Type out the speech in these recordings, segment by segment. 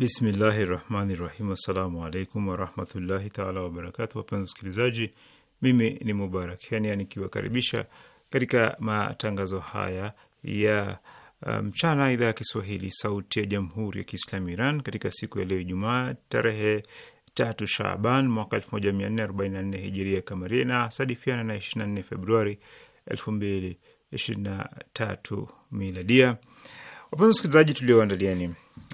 Bismillahi rahmani rahim. Assalamu alaikum warahmatullahi taala wabarakatu. Wapenzi wasikilizaji, mimi ni Mubarak Kenya nikiwakaribisha katika matangazo haya ya uh, mchana um, idhaa ya Kiswahili sauti ya jamhuri ya Kiislamu Iran katika siku ya leo Ijumaa tarehe tatu Shaban mwaka nne hijiria kamaria na sadifiana na 24 Februari tatu miladia. Wapenzi wasikilizaji, tulioandaliani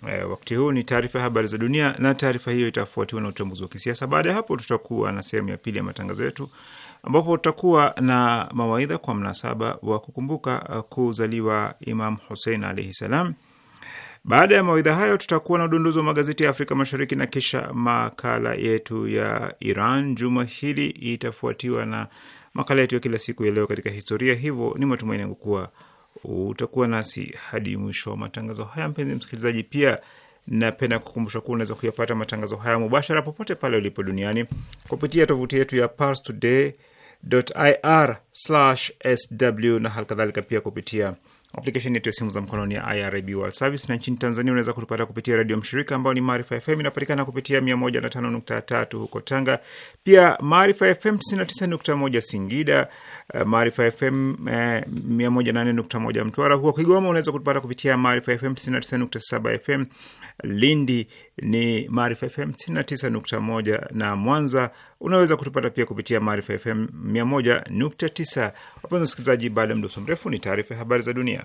e, eh, wakati huu ni taarifa ya habari za dunia, na taarifa hiyo itafuatiwa na uchambuzi wa kisiasa. Baada ya hapo, tutakuwa na sehemu ya pili ya matangazo yetu, ambapo tutakuwa na mawaidha kwa mnasaba wa kukumbuka eh, kuzaliwa Imam Husein alaihi salam. Baada ya mawaidha hayo, tutakuwa na udunduzi wa magazeti ya Afrika Mashariki na kisha makala yetu ya Iran juma hili, itafuatiwa na makala yetu ya kila siku ya leo katika historia. Hivyo ni matumaini yangu kuwa utakuwa nasi hadi mwisho wa matangazo haya. Mpenzi msikilizaji, pia napenda kukumbusha kuwa unaweza kuyapata matangazo haya mubashara popote pale ulipo duniani kupitia tovuti yetu ya parstoday.ir/sw na halikadhalika pia kupitia aplikesheni yetu ya simu za mkononi ya IRIB World Service, na nchini Tanzania unaweza kutupata kupitia redio mshirika ambao ni Maarifa FM, inapatikana kupitia 105.3 huko Tanga, pia Maarifa FM 99.1 Singida, eh, Maarifa FM 108.1 eh, Mtwara. Huko Kigoma unaweza kutupata kupitia Maarifa FM 99.7 FM Lindi, ni Maarifa FM 99.1 na Mwanza. Unaweza kutupata pia kupitia Maarifa FM 101.9. Wapenzi wasikilizaji, baada ya mdoso mrefu ni taarifa ya habari za dunia.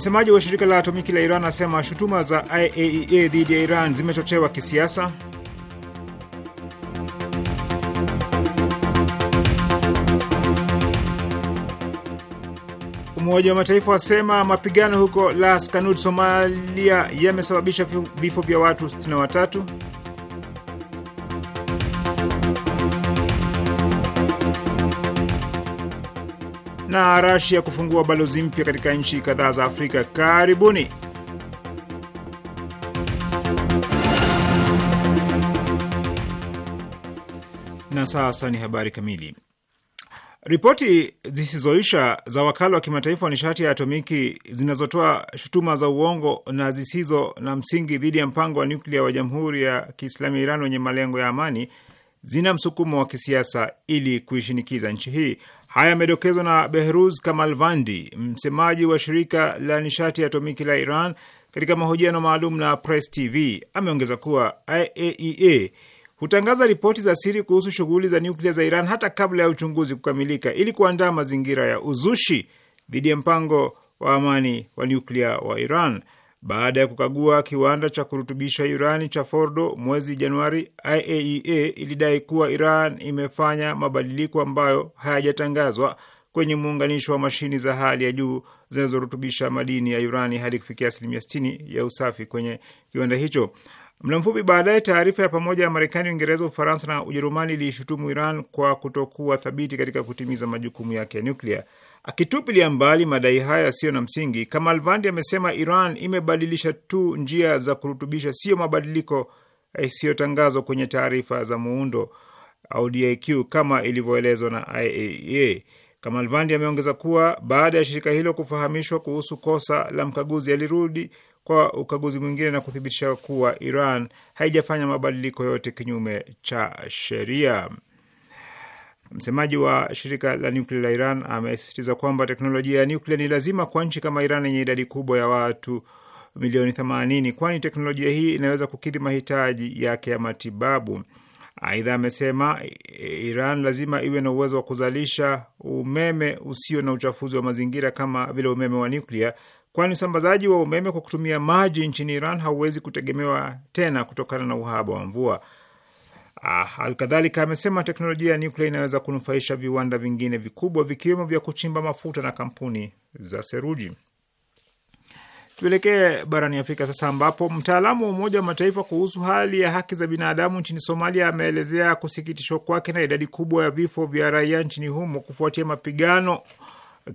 Msemaji wa shirika la atomiki la Iran anasema shutuma za IAEA e dhidi ya Iran zimechochewa kisiasa. Umoja wa Mataifa wasema mapigano huko Las Kanud, Somalia, yamesababisha vifo vya watu 63. na Rasia kufungua balozi mpya katika nchi kadhaa za Afrika. Karibuni. Na sasa ni habari kamili. Ripoti zisizoisha za wakala wa kimataifa wa nishati ya atomiki zinazotoa shutuma za uongo na zisizo na msingi dhidi ya mpango wa nyuklia wa Jamhuri ya Kiislamu ya Iran wenye malengo ya amani zina msukumo wa kisiasa ili kuishinikiza nchi hii. Haya yamedokezwa na Behruz Kamalvandi, msemaji wa shirika la nishati ya atomiki la Iran, katika mahojiano maalum na Press TV. Ameongeza kuwa IAEA e hutangaza ripoti za siri kuhusu shughuli za nyuklia za Iran hata kabla ya uchunguzi kukamilika, ili kuandaa mazingira ya uzushi dhidi ya mpango wa amani wa nyuklia wa Iran. Baada ya kukagua kiwanda cha kurutubisha urani cha Fordo mwezi Januari, IAEA e ilidai kuwa Iran imefanya mabadiliko ambayo hayajatangazwa kwenye muunganisho wa mashini za hali ya juu zinazorutubisha madini ya urani hadi kufikia asilimia 60 ya usafi kwenye kiwanda hicho. Muda mfupi baadaye, taarifa ya pamoja ya Marekani, Uingereza, Ufaransa na Ujerumani iliishutumu Iran kwa kutokuwa thabiti katika kutimiza majukumu yake ya nuklia Akitupilia mbali madai haya yasiyo na msingi, vandi amesema Iran imebadilisha tu njia za kurutubisha, siyo mabadiliko isiyotangazwa eh, kwenye taarifa za muundo au DIQ kama ilivyoelezwa na IAEA. Kamalvandi ameongeza kuwa baada ya shirika hilo kufahamishwa kuhusu kosa la mkaguzi, alirudi kwa ukaguzi mwingine na kuthibitisha kuwa Iran haijafanya mabadiliko yote kinyume cha sheria. Msemaji wa shirika la nyuklia la Iran amesisitiza kwamba teknolojia ya nyuklia ni lazima kwa nchi kama Iran yenye idadi kubwa ya watu milioni 80, kwani teknolojia hii inaweza kukidhi mahitaji yake ya matibabu. Aidha amesema e, Iran lazima iwe na uwezo wa kuzalisha umeme usio na uchafuzi wa mazingira kama vile umeme wa nyuklia, kwani usambazaji wa umeme kwa kutumia maji nchini Iran hauwezi kutegemewa tena kutokana na uhaba wa mvua. Ah, halkadhalika amesema teknolojia ya nyuklia inaweza kunufaisha viwanda vingine vikubwa vikiwemo vya kuchimba mafuta na kampuni za seruji. Tuelekee barani Afrika sasa, ambapo mtaalamu wa Umoja wa Mataifa kuhusu hali ya haki za binadamu nchini Somalia ameelezea kusikitishwa kwake na idadi kubwa ya vifo vya raia nchini humo kufuatia mapigano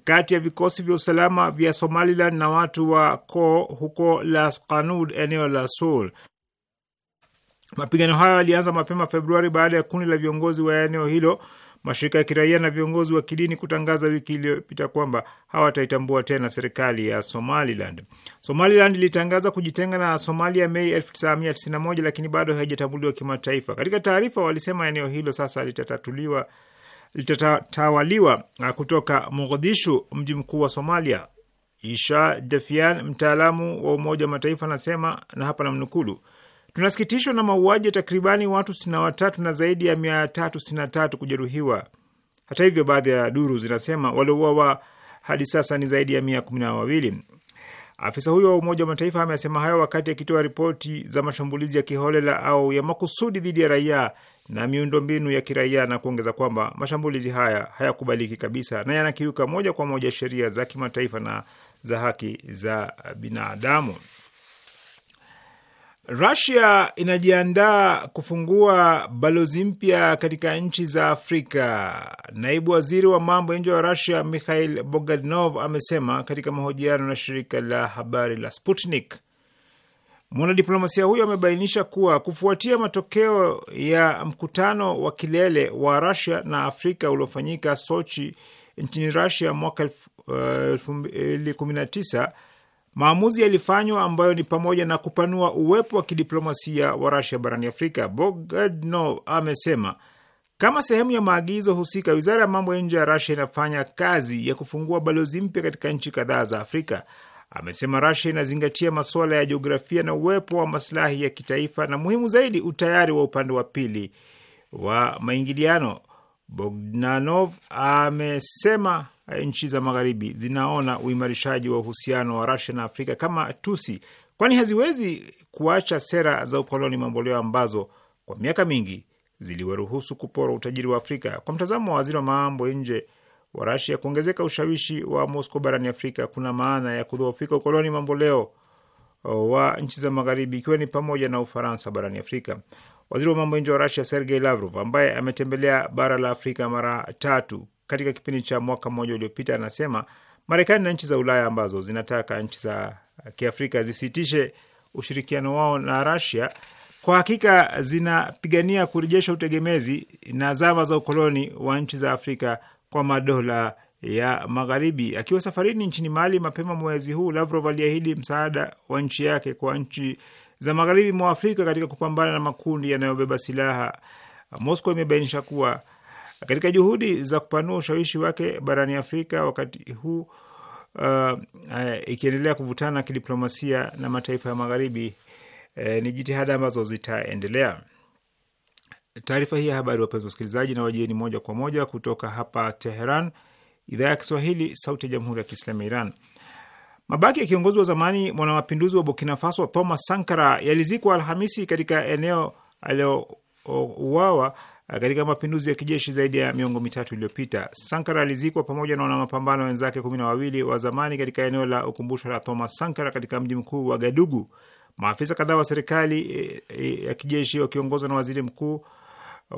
kati ya vikosi vya usalama vya Somaliland na watu wa Koo huko Las Qanud, eneo la sul Mapigano hayo yalianza mapema Februari baada ya kundi la viongozi wa eneo hilo, mashirika ya kiraia na viongozi wa kidini kutangaza wiki iliyopita kwamba hawataitambua tena serikali ya Somaliland. Somaliland ilitangaza kujitenga na Somalia Mei 1991 lakini bado haijatambuliwa kimataifa. Katika taarifa, walisema eneo hilo sasa litatatuliwa litatawaliwa kutoka Mogadishu, mji mkuu wa Somalia. Isha Defian, mtaalamu wa Umoja wa Mataifa, anasema na hapa namnukulu Tunasikitishwa na mauaji ya takribani watu sitini na watatu na zaidi ya mia tatu sitini tatu kujeruhiwa. Hata hivyo, baadhi ya duru zinasema waliouawa hadi sasa ni zaidi ya mia kumi na wawili. Afisa huyo wa Umoja wa Mataifa amesema hayo wakati akitoa ripoti za mashambulizi ya kiholela au ya makusudi dhidi ya raia na miundombinu ya kiraia na kuongeza kwamba mashambulizi haya hayakubaliki kabisa na yanakiuka moja kwa moja sheria za kimataifa na za haki za binadamu. Rusia inajiandaa kufungua balozi mpya katika nchi za Afrika. Naibu waziri wa mambo ya nje wa Rusia Mikhail Bogdanov amesema katika mahojiano na shirika la habari la Sputnik. Mwanadiplomasia huyo amebainisha kuwa kufuatia matokeo ya mkutano wa kilele wa Rusia na Afrika uliofanyika Sochi nchini Rusia mwaka uh, Maamuzi yalifanywa ambayo ni pamoja na kupanua uwepo wa kidiplomasia wa Rasia barani Afrika. Bogdanov amesema kama sehemu ya maagizo husika, wizara ya mambo ya nje ya Rasia inafanya kazi ya kufungua balozi mpya katika nchi kadhaa za Afrika. Amesema Rasia inazingatia masuala ya jiografia na uwepo wa masilahi ya kitaifa, na muhimu zaidi, utayari wa upande wa pili wa maingiliano. Bogdanov amesema Eh, nchi za magharibi zinaona uimarishaji wa uhusiano wa rasia na Afrika kama tusi, kwani haziwezi kuacha sera za ukoloni mamboleo ambazo kwa miaka mingi ziliwaruhusu kupora utajiri wa Afrika. Kwa mtazamo wa waziri wa mambo ya nje wa Rasia, kuongezeka ushawishi wa Moscow barani Afrika kuna maana ya kudhoofika ukoloni mamboleo uh, wa nchi za magharibi, ikiwa ni pamoja na Ufaransa barani Afrika. Waziri wa mambo ya nje wa Rasia Sergei Lavrov, ambaye ametembelea bara la Afrika mara tatu katika kipindi cha mwaka mmoja uliopita, anasema Marekani na nchi za Ulaya ambazo zinataka nchi za kiafrika zisitishe ushirikiano wao na Rasia kwa hakika zinapigania kurejesha utegemezi na zama za ukoloni wa nchi za Afrika kwa madola ya Magharibi. Akiwa safarini nchini Mali mapema mwezi huu, Lavrov aliahidi msaada wa nchi yake kwa nchi za magharibi mwa Afrika katika kupambana na makundi yanayobeba silaha. Moscow imebainisha kuwa katika juhudi za kupanua ushawishi wake barani Afrika wakati huu uh, uh, ikiendelea kuvutana kidiplomasia na mataifa ya magharibi uh, ni jitihada ambazo zitaendelea. Taarifa hii ya habari, wapenzi wasikilizaji, na wajieni moja kwa moja kutoka hapa Teheran, idhaa ya Kiswahili, sauti ya jamhuri ya kiislamu ya Iran. Mabaki ya kiongozi wa zamani mwanamapinduzi wa Burkina Faso Thomas Sankara yalizikwa Alhamisi katika eneo aliouawa uh, Eh, katika mapinduzi ya kijeshi zaidi ya miongo mitatu iliyopita. Sankara alizikwa pamoja na wanamapambano wenzake kumi na wawili wa zamani katika eneo la ukumbusho la Thomas Sankara katika mji mkuu wa Gadugu. Maafisa kadhaa wa serikali eh, eh, ya kijeshi wakiongozwa na waziri mkuu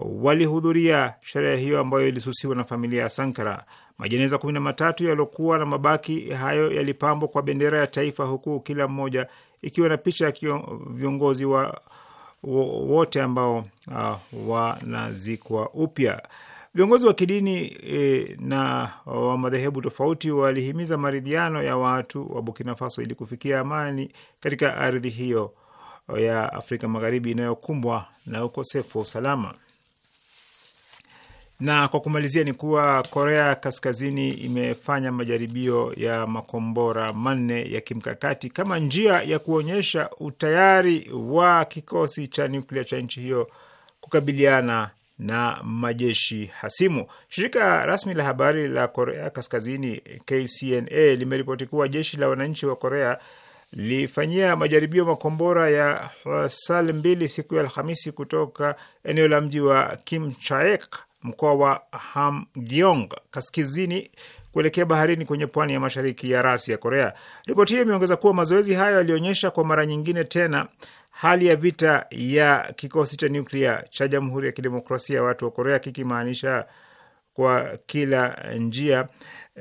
walihudhuria sherehe hiyo ambayo ilisusiwa na familia ya Sankara. Majeneza kumi na matatu yaliokuwa na mabaki hayo yalipambwa kwa bendera ya taifa, huku kila mmoja ikiwa na picha ya viongozi wa wote ambao uh, wanazikwa upya. Viongozi wa kidini e, na wa madhehebu tofauti walihimiza maridhiano ya watu wa Burkina Faso ili kufikia amani katika ardhi hiyo ya Afrika Magharibi inayokumbwa na ukosefu wa usalama. Na kwa kumalizia ni kuwa Korea Kaskazini imefanya majaribio ya makombora manne ya kimkakati kama njia ya kuonyesha utayari wa kikosi cha nyuklia cha nchi hiyo kukabiliana na majeshi hasimu. Shirika rasmi la habari la Korea Kaskazini KCNA limeripoti kuwa jeshi la wananchi wa Korea lilifanyia majaribio makombora ya Hwasal mbili siku ya Alhamisi kutoka eneo la mji wa kimchaek mkoa wa Hamgyong kaskizini kuelekea baharini kwenye pwani ya mashariki ya rasi ya Korea. Ripoti hiyo imeongeza kuwa mazoezi hayo yalionyesha kwa mara nyingine tena hali ya vita ya kikosi cha nyuklia cha Jamhuri ya Kidemokrasia ya Watu wa Korea, kikimaanisha kwa kila njia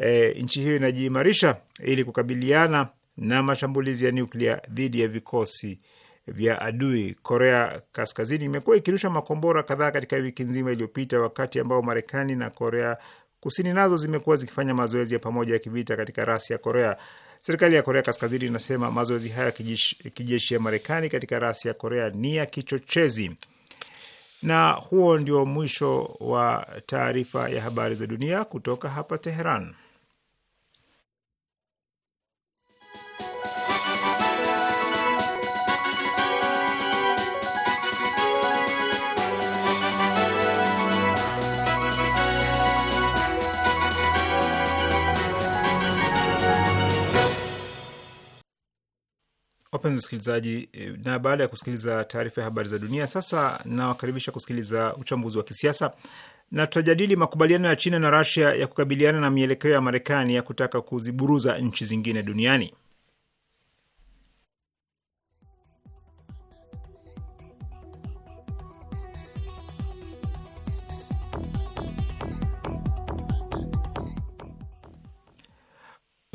e, nchi hiyo inajiimarisha ili kukabiliana na mashambulizi ya nyuklia dhidi ya vikosi vya adui. Korea Kaskazini imekuwa ikirusha makombora kadhaa katika wiki nzima iliyopita, wakati ambao Marekani na Korea Kusini nazo zimekuwa zikifanya mazoezi ya pamoja ya kivita katika rasi ya Korea. Serikali ya Korea Kaskazini inasema mazoezi hayo ya kijeshi ya Marekani katika rasi ya Korea ni ya kichochezi. Na huo ndio mwisho wa taarifa ya habari za dunia kutoka hapa Teheran. Wapenzi wasikilizaji, e, na baada ya kusikiliza taarifa ya habari za dunia, sasa nawakaribisha kusikiliza uchambuzi wa kisiasa na tutajadili makubaliano ya China na Rasia ya kukabiliana na mielekeo ya Marekani ya kutaka kuziburuza nchi zingine duniani.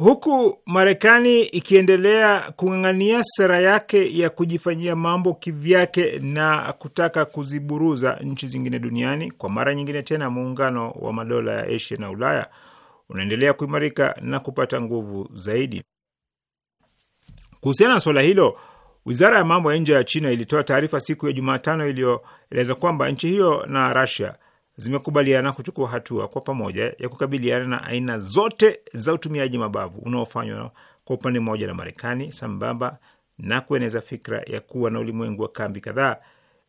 huku Marekani ikiendelea kung'ang'ania sera yake ya kujifanyia mambo kivyake na kutaka kuziburuza nchi zingine duniani, kwa mara nyingine tena muungano wa madola ya Asia na Ulaya unaendelea kuimarika na kupata nguvu zaidi. Kuhusiana na suala hilo, wizara ya mambo ya nje ya China ilitoa taarifa siku ya Jumatano iliyoeleza kwamba nchi hiyo na Russia zimekubaliana kuchukua hatua kwa pamoja ya kukabiliana na aina zote za utumiaji mabavu unaofanywa kwa upande mmoja na Marekani sambamba na kueneza fikra ya kuwa na ulimwengu wa kambi kadhaa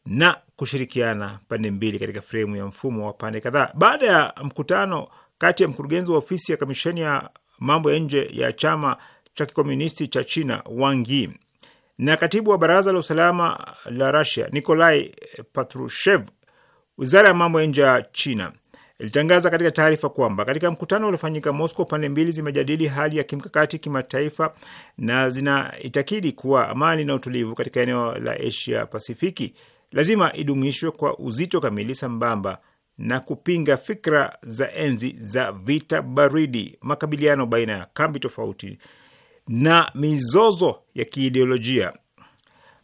na kushirikiana pande mbili katika fremu ya mfumo wa pande kadhaa. Baada ya mkutano kati ya mkurugenzi wa ofisi ya kamisheni ya mambo ya nje ya chama cha kikomunisti cha China Wang Yi na katibu wa baraza la usalama la Russia Nikolai Patrushev Wizara ya mambo ya nje ya China ilitangaza katika taarifa kwamba katika mkutano uliofanyika Moscow, pande mbili zimejadili hali ya kimkakati kimataifa na zinaitakidi kuwa amani na utulivu katika eneo la Asia Pasifiki lazima idumishwe kwa uzito kamili, sambamba na kupinga fikra za enzi za vita baridi, makabiliano baina ya kambi tofauti na mizozo ya kiideolojia.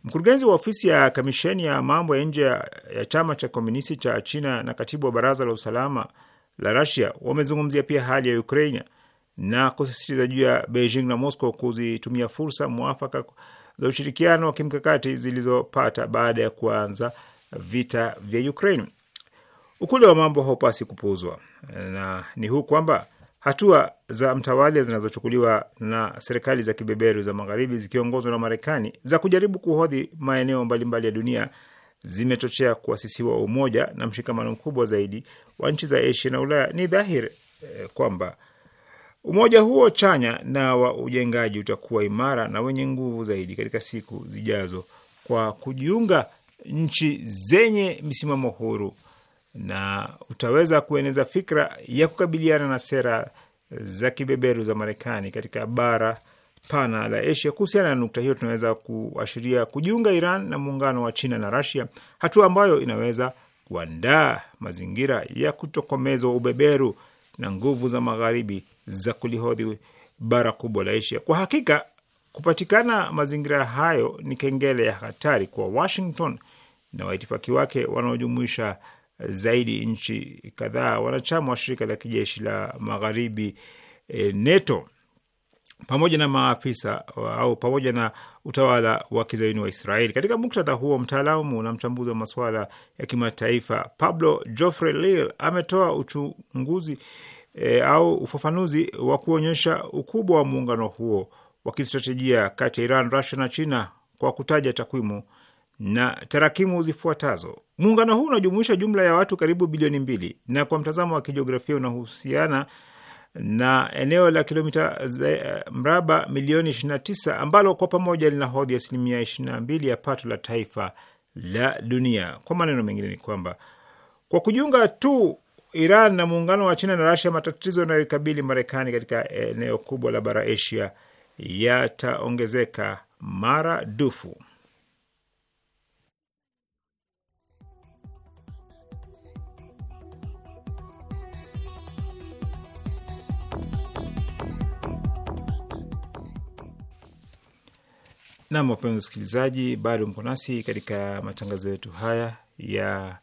Mkurugenzi wa ofisi ya kamisheni ya mambo ya nje ya chama cha komunisti cha China na katibu wa baraza la usalama la Rasia wamezungumzia pia hali ya Ukraina na kusisitiza juu ya Beijing na Moscow kuzitumia fursa mwafaka za ushirikiano wa kimkakati zilizopata baada ya kuanza vita vya Ukraine. Ukweli wa mambo haupasi kupuuzwa na ni huu kwamba Hatua za mtawalia zinazochukuliwa na serikali za kibeberu za magharibi zikiongozwa na Marekani za kujaribu kuhodhi maeneo mbalimbali ya dunia zimechochea kuasisiwa umoja na mshikamano mkubwa zaidi wa nchi za Asia na Ulaya. Ni dhahiri eh, kwamba umoja huo chanya na wa ujengaji utakuwa imara na wenye nguvu zaidi katika siku zijazo kwa kujiunga nchi zenye misimamo huru na utaweza kueneza fikra ya kukabiliana na sera za kibeberu za Marekani katika bara pana la Asia. Kuhusiana na nukta hiyo, tunaweza kuashiria kujiunga Iran na muungano wa China na Rasia, hatua ambayo inaweza kuandaa mazingira ya kutokomezwa ubeberu na nguvu za magharibi za kulihodhi bara kubwa la Asia. Kwa hakika kupatikana mazingira hayo ni kengele ya hatari kwa Washington na waitifaki wake wanaojumuisha zaidi nchi kadhaa wanachama wa shirika la kijeshi la magharibi e, NATO pamoja na maafisa au pamoja na utawala wa kizaini wa Israeli. Katika muktadha huo, mtaalamu na mchambuzi wa masuala ya kimataifa Pablo Joffre Lil ametoa uchunguzi e, au ufafanuzi wa kuonyesha ukubwa wa muungano huo wa kistratejia kati ya Iran, Rusia na China kwa kutaja takwimu na tarakimu zifuatazo. Muungano huu unajumuisha jumla ya watu karibu bilioni mbili na kwa mtazamo wa kijiografia unahusiana na eneo la kilomita eh, mraba milioni 29 ambalo kwa pamoja linahodhi asilimia 22 ya pato la taifa la dunia. Kwa maneno mengine ni kwamba kwa kujiunga tu Iran na muungano wa China na Rasia, matatizo yanayoikabili Marekani katika eneo kubwa la bara Asia yataongezeka mara dufu. Nam, wapenzi wasikilizaji, bado mko nasi katika matangazo yetu haya ya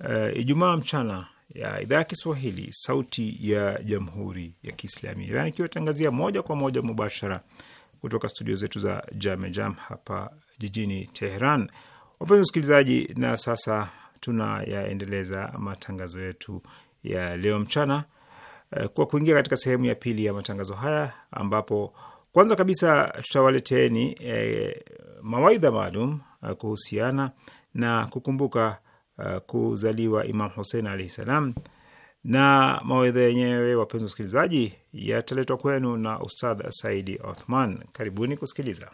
uh, Ijumaa mchana ya idhaa ya Kiswahili sauti ya jamhuri ya Kiislami Iran ikiwatangazia moja kwa moja mubashara kutoka studio zetu za Jamejam hapa jijini Teheran. Wapenzi wasikilizaji, na sasa tunayaendeleza matangazo yetu ya leo mchana eh, kwa kuingia katika sehemu ya pili ya matangazo haya ambapo kwanza kabisa tutawaleteni e, mawaidha maalum eh, kuhusiana na kukumbuka uh, kuzaliwa Imam Husein alaihi salam, na mawaidha yenyewe, wapenzi wasikilizaji, yataletwa kwenu na Ustadh Saidi Othman. Karibuni kusikiliza.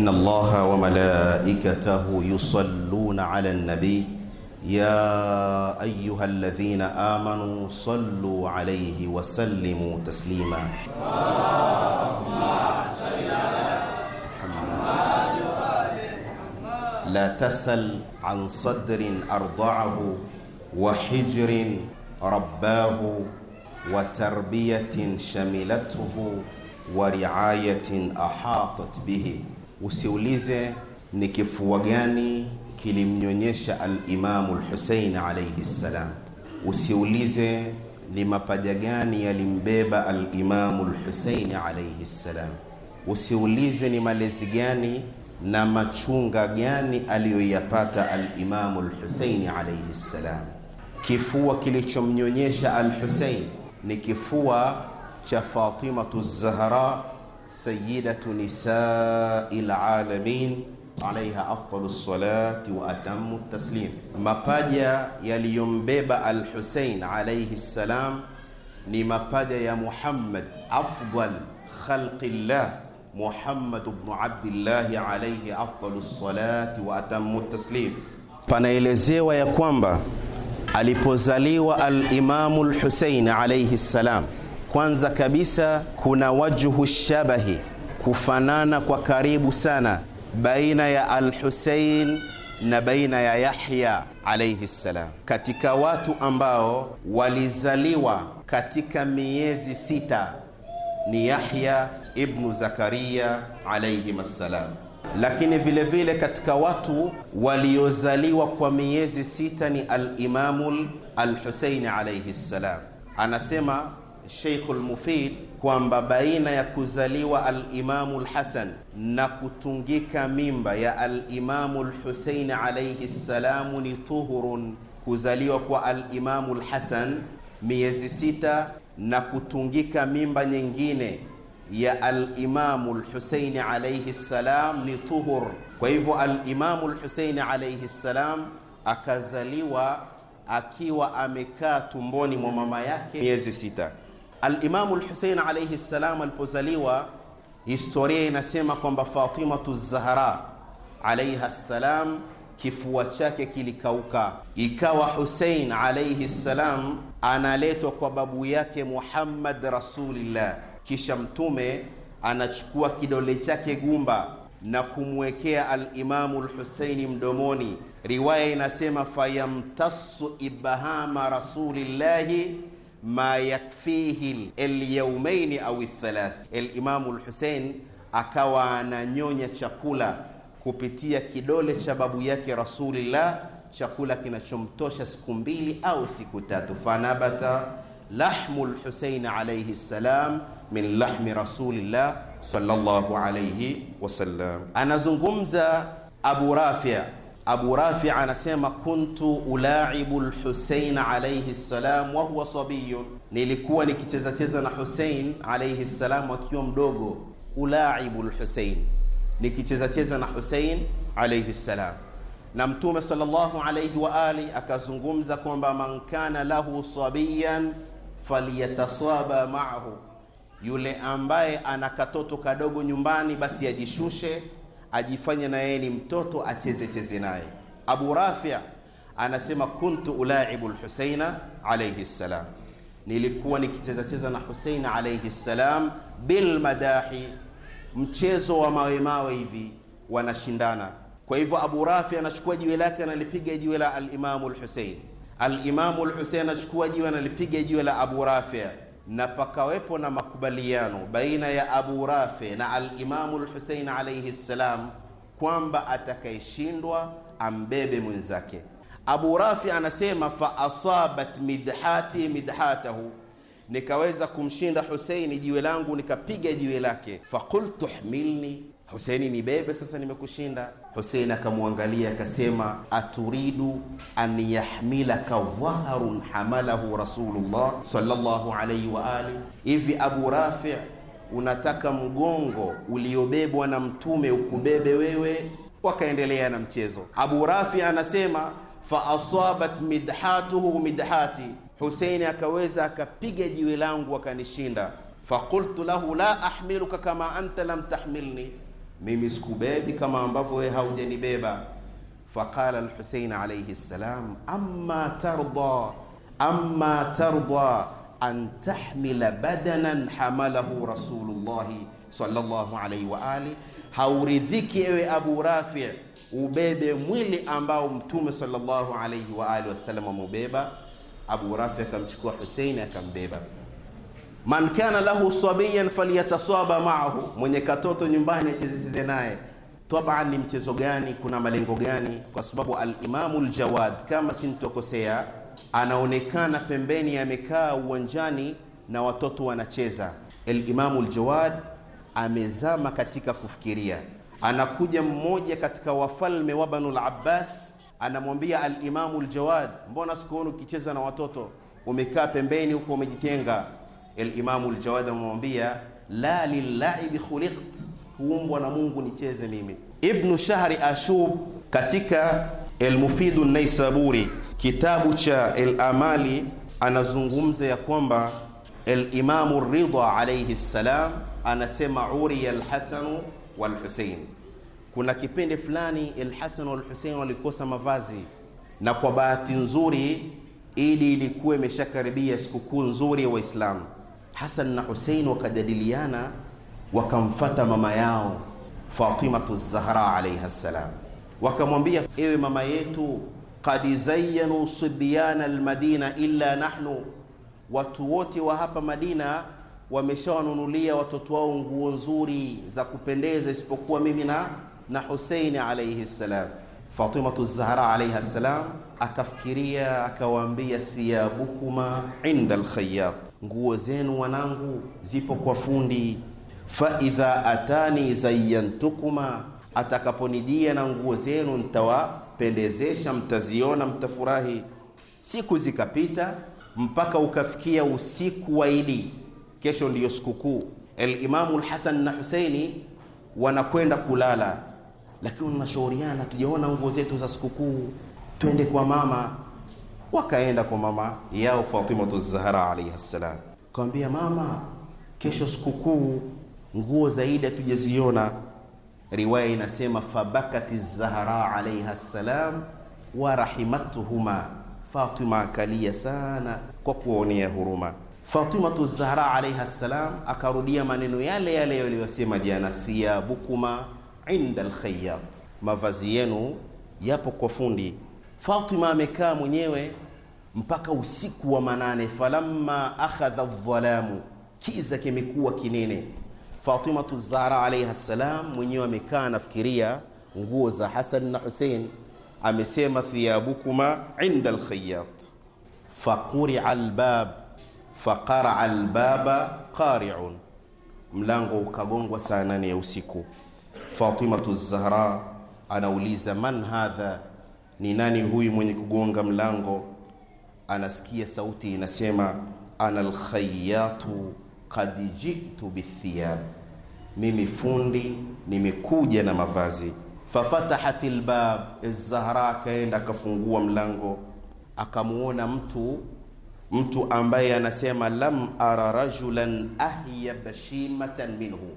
إن الله وملائكته يصلون على النبي يا أيها الذين آمنوا صلوا عليه وسلموا تسليما لا تسل عن صدر أرضعه وحجر رباه وتربية شملته ورعاية أحاطت به usiulize ni kifua gani kilimnyonyesha alimamu lhusein alaihi ssalam, usiulize ni mapaja gani yalimbeba alimamu lhuseini alaihi ssalam, usiulize ni malezi gani na machunga gani aliyoyapata alimamu lhuseini alaihi ssalam. Kifua kilichomnyonyesha alhusein ni kifua cha Fatimatu Zahra سيدة نساء العالمين عليها أفضل الصلاة وأتم التسليم مباجة يليوم بيبا الحسين عليه السلام نمباجة يا محمد أفضل خلق الله محمد بن عبد الله عليه أفضل الصلاة وأتم التسليم panaelezewa elezewa ya kwamba alipozaliwa al-imamu al-Husayn alayhi salam Kwanza kabisa kuna wajhu shabahi, kufanana kwa karibu sana baina ya Alhusein na baina ya Yahya alaihi salam, katika watu ambao walizaliwa katika miezi sita ni Yahya ibnu Zakaria alaihim assalam. lakini vile vile katika watu waliozaliwa kwa miezi sita ni alimamu Alhuseini alaihi ssalam. alayhi salam. Anasema Sheikhul lmufid kwamba baina ya kuzaliwa Alimamu Lhasan na kutungika mimba ya Alimamu Lhuseini alaihi ssalamu ni tuhurun, kuzaliwa kwa Alimamu Lhasan miezi sita na kutungika mimba nyingine ya Alimamu Lhuseini alaihi ssalam ni tuhur. Kwa hivyo Alimamu Lhuseini alaihi ssalam akazaliwa akiwa amekaa tumboni mwa mama yake miezi sita. Alimamu Lhusein alaihi ssalam alipozaliwa, historia inasema kwamba Fatimatu Zahra alaiha ssalam kifua chake kilikauka, ikawa Husein alaihi ssalam analetwa kwa babu yake Muhammad Rasulillah, kisha Mtume anachukua kidole chake gumba na kumwekea Alimamu Lhuseini mdomoni. Riwaya inasema fayamtasu ibhama rasulillahi ma yakfihi lyaumaini au lthalath Alimamu lhusein akawa ananyonya chakula kupitia kidole cha babu yake Rasulillah, chakula kinachomtosha siku mbili au siku tatu. fanabata lahmu lhusein alayhi salam min lahmi Rasulillah sallallahu alayhi wasallam. Anazungumza Abu rafia Abu Rafi anasema kuntu ulaibu al-Husayn alayhi salam wa huwa sabiyun, nilikuwa nikicheza cheza na husein alayhi salam akiwa mdogo. Ulaibu al-Husayn, nikicheza cheza na husein alayhi salam. Na Mtume sallallahu alayhi wa ali akazungumza kwamba man kana lahu sabiyan falyatasaba ma'ahu, yule ambaye ana katoto kadogo nyumbani, basi ajishushe ajifanye na yeye ni mtoto acheze cheze naye. Abu Rafi anasema kuntu ulaibu lhuseina alaihi ssalam, nilikuwa nikicheza cheza na Husein alaihi ssalam bil mchezo wa mawe mawe hivi wanashindana. Kwa hivyo Abu Rafi anachukua jiwe lake analipiga jiwe la alimamu lhusein, alimamu lhusein anachukua jiwe analipiga jiwe la Abu Rafi na pakawepo na makubaliano baina ya Abu Rafi na alimamu imamu alaihi husein salam kwamba atakayeshindwa ambebe mwenzake. Abu Rafi anasema fa asabat midhati midhatahu, nikaweza kumshinda Huseini, jiwe langu nikapiga jiwe lake. Faqultu hmilni Huseini, nibebe sasa, nimekushinda. Huseini akamwangalia akasema, aturidu an yahmilaka dhahrun hamalahu Rasulullah sallallahu alayhi wa ali, hivi Abu Rafi, unataka mgongo uliobebwa na Mtume ukubebe wewe? Wakaendelea na mchezo. Abu Rafi anasema fa asabat midhatuhu midhati, Huseini akaweza akapiga jiwe langu akanishinda. fakultu lahu la ahmiluka kama anta lam tahmilni mimi sikubebi kama ambavyo wewe haujanibeba. Faqala al-Husayn alayhi salam, amma tarda amma tarda an tahmila badanan hamalahu rasulullahi sallallahu alayhi wa ali, hauridhiki ewe Abu Rafi ubebe mwili ambao mtume sallallahu alayhi wa alihi wasallam ameubeba. Abu Rafi akamchukua Husaini akambeba man kana lahu sabiyan falyatasaba maahu, mwenye katoto nyumbani achezeze naye. Taban, ni mchezo gani? Kuna malengo gani? Kwa sababu Alimamu Ljawad kama sintokosea, anaonekana pembeni, amekaa uwanjani na watoto wanacheza. al Ljawad amezama katika kufikiria. Anakuja mmoja katika wafalme wa al Abbas, anamwambia Alimamu Ljawad, mbona sikuoni ukicheza na watoto? Umekaa pembeni huko, umejitenga Alimamu Aljawadi amemwambia la lillaibi khuliqt, kuumbwa na Mungu nicheze mimi. Ibnu Shahri Ashub katika Almufidu Naisaburi kitabu cha Alamali anazungumza ya kwamba Alimamu Ridha alayhi salam anasema uriya alhasanu walhusein, kuna kipindi fulani Alhasan walhusein walikosa mavazi, na kwa bahati nzuri idi ilikuwa imeshakaribia sikukuu nzuri ya Waislamu Hasan na Husein wakajadiliana, wakamfata mama yao Fatimatu Zahra alayha salam, wakamwambia ewe mama yetu, qad zayanu sibyana almadina illa nahnu, watu wote wa hapa Madina wameshawanunulia watoto wao nguo nzuri za kupendeza isipokuwa mimi na na Husein alayhi salam. Fatimatu Zahra alayha salam akafikiria akawaambia, thiyabukuma inda lkhayat nguo zenu wanangu zipo kwa fundi. Fa idha atani zayantukuma atakaponijia na nguo zenu ntawapendezesha mtaziona, mtafurahi. Siku zikapita mpaka ukafikia usiku wa Idi, kesho ndiyo sikukuu. Alimamu lhasan na Huseini wanakwenda kulala, lakini unashauriana, tujaona nguo zetu za sikukuu twende kwa mama. Wakaenda kwa mama yao Fatimatu Zahra alayha salam, kawambia mama, kesho sikukuu, nguo zaidi Idi hatujaziona. Riwaya inasema fabakati Zahra alayha salam wa rahimatuhuma, Fatima akalia sana kwa kuonea huruma. Fatimatu Zahra alayha salam akarudia maneno yale yale yaliyosema jana, thiyabukuma inda alkhayyat, mavazi yenu yapo kwa fundi Fatima amekaa mwenyewe mpaka usiku wa manane. Falamma akhadha dhalamu, kiza kimekuwa kinene. Fatimatu Zahra alayha salam mwenyewe amekaa anafikiria nguo za Hasan na Husein, amesema thiyabukuma inda alkhayyat faquria albab faqara albaba qari'un, mlango ukagongwa saa nane ya usiku. Fatimatu Zahra anauliza man hadha ni nani huyu mwenye kugonga mlango? Anasikia sauti inasema, ana alkhayatu qad ji'tu bithiyab, mimi fundi nimekuja na mavazi. Fafatahat lbab Zahra akaenda akafungua mlango, akamuona mtu mtu ambaye anasema lam ara rajulan ahya bashimatan minhu,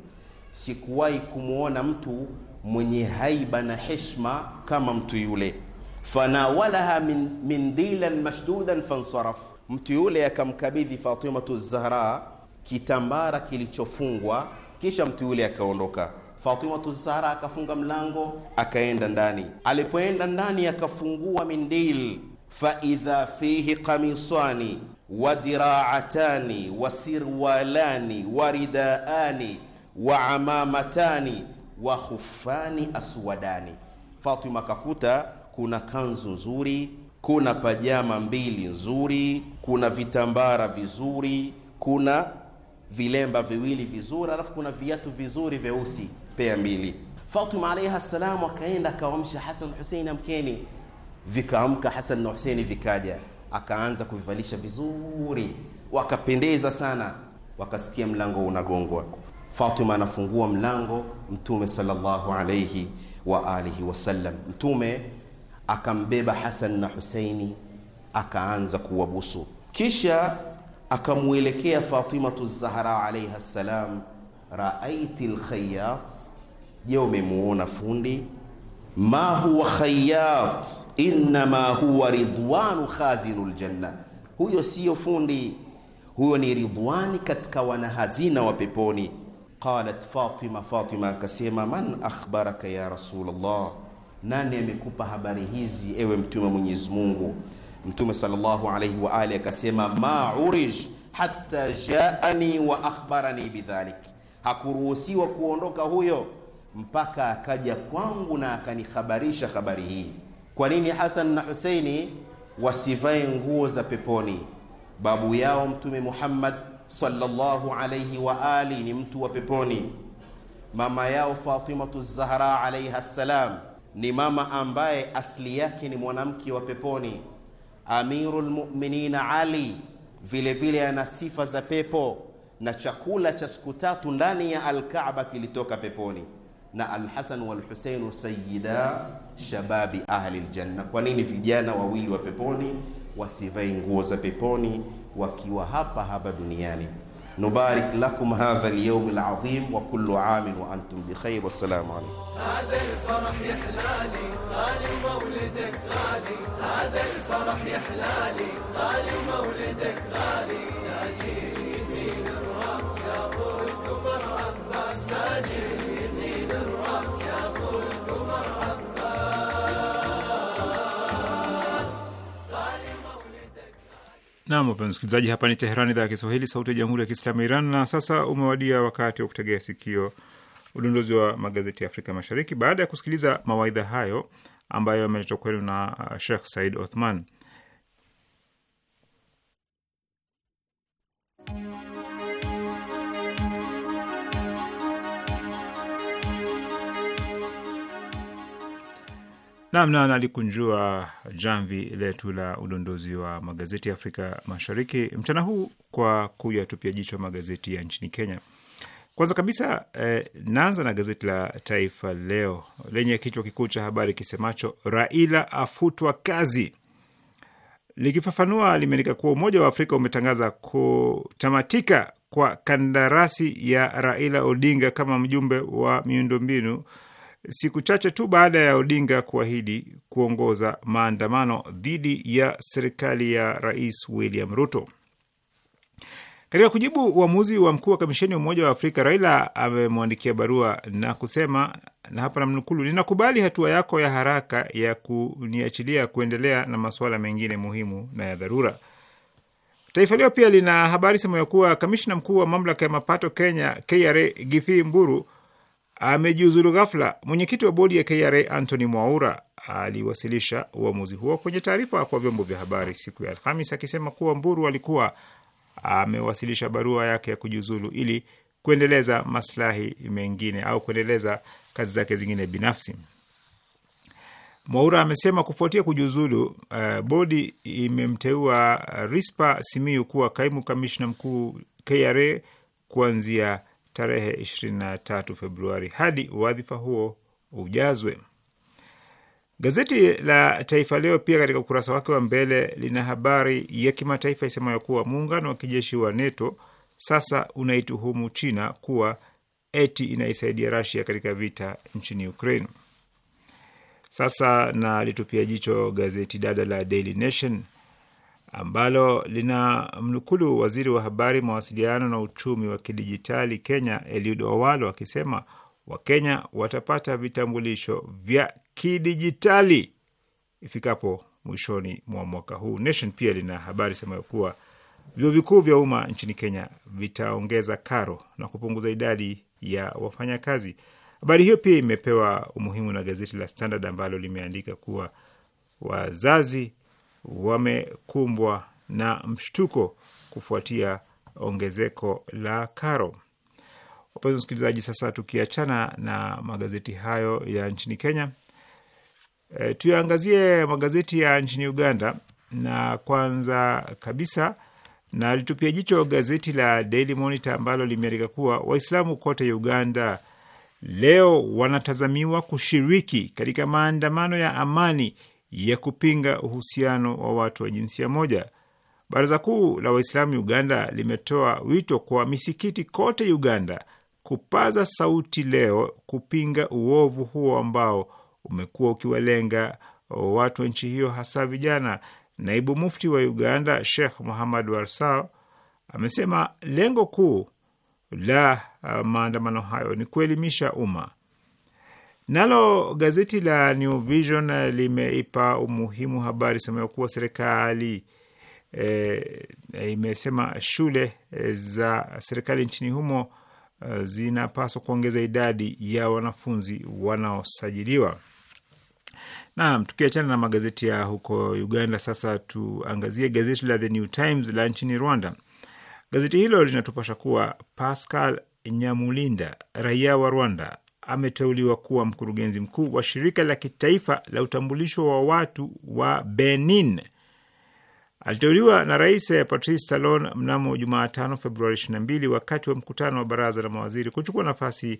sikuwahi kumwona mtu mwenye haiba na heshima kama mtu yule fanawalaha min, min dilan mashdudan fansaraf, mtu yule akamkabidhi Fatimatu Zahra kitambara kilichofungwa, kisha mtu yule akaondoka. Fatimatu Zahra akafunga mlango akaenda ndani. Alipoenda ndani akafungua mindil, faidha fihi qamisani wa diraatani wa sirwalani wa ridaani wa amamatani wa khufani aswadani. Fatima akakuta kuna kanzu nzuri, kuna pajama mbili nzuri, kuna vitambara vizuri, kuna vilemba viwili vizuri, alafu kuna viatu vizuri vyeusi pea mbili. Fatuma alaihi salam akaenda akawamsha Hasan Husein, amkeni. Vikaamka Hasan na Huseini, vikaja akaanza kuvivalisha vizuri, wakapendeza sana. Wakasikia mlango unagongwa, Fatuma anafungua mlango, Mtume sallallahu alaihi wa alihi wasallam, Mtume akambeba Hasan na Husaini akaanza kuwabusu, kisha akamwelekea Fatimatu Zahra alaiha salam, raaiti lkhayat, je, umemuona fundi? ma huwa khayat innama huwa ridwanu khazinu ljanna, huyo siyo fundi, huyo ni Ridwani katika wanahazina wa peponi. Qalat Fatima, Fatima akasema man akhbaraka ya Rasulullah nani amekupa habari hizi, ewe mtume wa Mwenyezi Mungu? Mtume sallallahu alayhi wa alihi akasema, ma urij hatta jaani wa akhbarani bidhalik, hakuruhusiwa kuondoka huyo mpaka akaja kwangu na akanihabarisha habari hii. Kwa nini Hasan na Huseini wasivae nguo za peponi? Babu yao Mtume Muhammad sallallahu alayhi wa ali ni mtu wa peponi, mama yao Fatimatu Zahra alayha salam ni mama ambaye asili yake ni mwanamke wa peponi. Amirul Muminina Ali vile vile ana sifa za pepo, na chakula cha siku tatu ndani ya Alkaaba kilitoka peponi, na Alhasan walhuseinu sayida shababi ahli ljanna. Kwa nini vijana wawili wa peponi wasivai nguo za peponi wakiwa hapa hapa duniani? نبارك لكم هذا اليوم العظيم وكل عام وأنتم بخير والسلام عليكم هذا الفرح يا حلالي غالي مولدك غالي هذا الفرح يا حلالي غالي مولدك غالي تاجير يزين الراس يا أبو القمر عباس تاجير Nam, wapenzi msikilizaji, hapa ni teheran idhaa ya Kiswahili, sauti ya jamhuri ya kiislamu ya Iran. Na sasa umewadia wakati wa kutegea sikio udondozi wa magazeti ya Afrika Mashariki baada ya kusikiliza mawaidha hayo ambayo yameletwa kwenu na uh, Shekh Said Othman. Namna na jamvi letu la udondozi wa magazeti ya Afrika Mashariki mchana huu kwa kuyatupia jicho magazeti ya nchini Kenya. Kwanza kabisa eh, naanza na gazeti la Taifa Leo lenye kichwa kikuu cha habari kisemacho Raila afutwa kazi. Likifafanua, limeandika kuwa Umoja wa Afrika umetangaza kutamatika kwa kandarasi ya Raila Odinga kama mjumbe wa miundombinu siku chache tu baada ya Odinga kuahidi kuongoza maandamano dhidi ya serikali ya Rais William Ruto. Katika kujibu uamuzi wa mkuu wa kamisheni ya Umoja wa Afrika, Raila amemwandikia barua na kusema, na hapa namnukulu, ninakubali hatua yako ya haraka ya kuniachilia kuendelea na masuala mengine muhimu na ya dharura. Taifa Leo pia lina habari sema ya kuwa kamishna mkuu wa mamlaka ya mapato Kenya, KRA, Githi Mburu amejiuzulu ghafla. Mwenyekiti wa bodi ya KRA Anthony Mwaura aliwasilisha uamuzi huo kwenye taarifa kwa vyombo vya habari siku ya Alhamis akisema kuwa Mburu alikuwa amewasilisha barua yake ya kujiuzulu ili kuendeleza maslahi mengine au kuendeleza kazi zake zingine binafsi. Mwaura amesema kufuatia kujiuzulu, uh, bodi imemteua eh, Rispa simiu kuwa kaimu kamishna mkuu KRA kuanzia tarehe 23 Februari hadi wadhifa huo ujazwe. Gazeti la Taifa Leo pia katika ukurasa wake wa mbele lina habari ya kimataifa isemayo kuwa muungano wa kijeshi wa NATO sasa unaituhumu China kuwa eti inaisaidia Rasia katika vita nchini Ukraine. Sasa na litupia jicho gazeti dada la Daily Nation ambalo lina mnukulu waziri wa habari, mawasiliano na uchumi wa kidijitali Kenya Eliud Owalo akisema Wakenya watapata vitambulisho vya kidijitali ifikapo mwishoni mwa mwaka huu. Nation pia lina habari semayo kuwa vyuo vikuu vya umma nchini Kenya vitaongeza karo na kupunguza idadi ya wafanyakazi. Habari hiyo pia imepewa umuhimu na gazeti la Standard ambalo limeandika kuwa wazazi wamekumbwa na mshtuko kufuatia ongezeko la karo. Wapenzi msikilizaji, sasa tukiachana na magazeti hayo ya nchini Kenya, e, tuyaangazie magazeti ya nchini Uganda, na kwanza kabisa na litupia jicho gazeti la Daily Monitor ambalo limeandika kuwa Waislamu kote Uganda leo wanatazamiwa kushiriki katika maandamano ya amani ya kupinga uhusiano wa watu wa jinsia moja. Baraza Kuu la Waislamu Uganda limetoa wito kwa misikiti kote Uganda kupaza sauti leo kupinga uovu huo ambao umekuwa ukiwalenga watu wa nchi hiyo, hasa vijana. Naibu mufti wa Uganda Sheikh Muhammad Warsao amesema lengo kuu la maandamano hayo ni kuelimisha umma Nalo gazeti la New Vision limeipa umuhimu habari semayo kuwa serikali e, imesema shule eh, za serikali nchini humo eh, zinapaswa kuongeza idadi ya wanafunzi wanaosajiliwa. Naam, tukiachana na magazeti ya huko Uganda, sasa tuangazie gazeti la The New Times la nchini Rwanda. Gazeti hilo linatupasha kuwa Pascal Nyamulinda, raia wa Rwanda ameteuliwa kuwa mkurugenzi mkuu wa shirika la kitaifa la utambulisho wa watu wa Benin. Aliteuliwa na Rais Patrice Talon mnamo Jumatano, Februari 22 wakati wa mkutano wa baraza la mawaziri kuchukua nafasi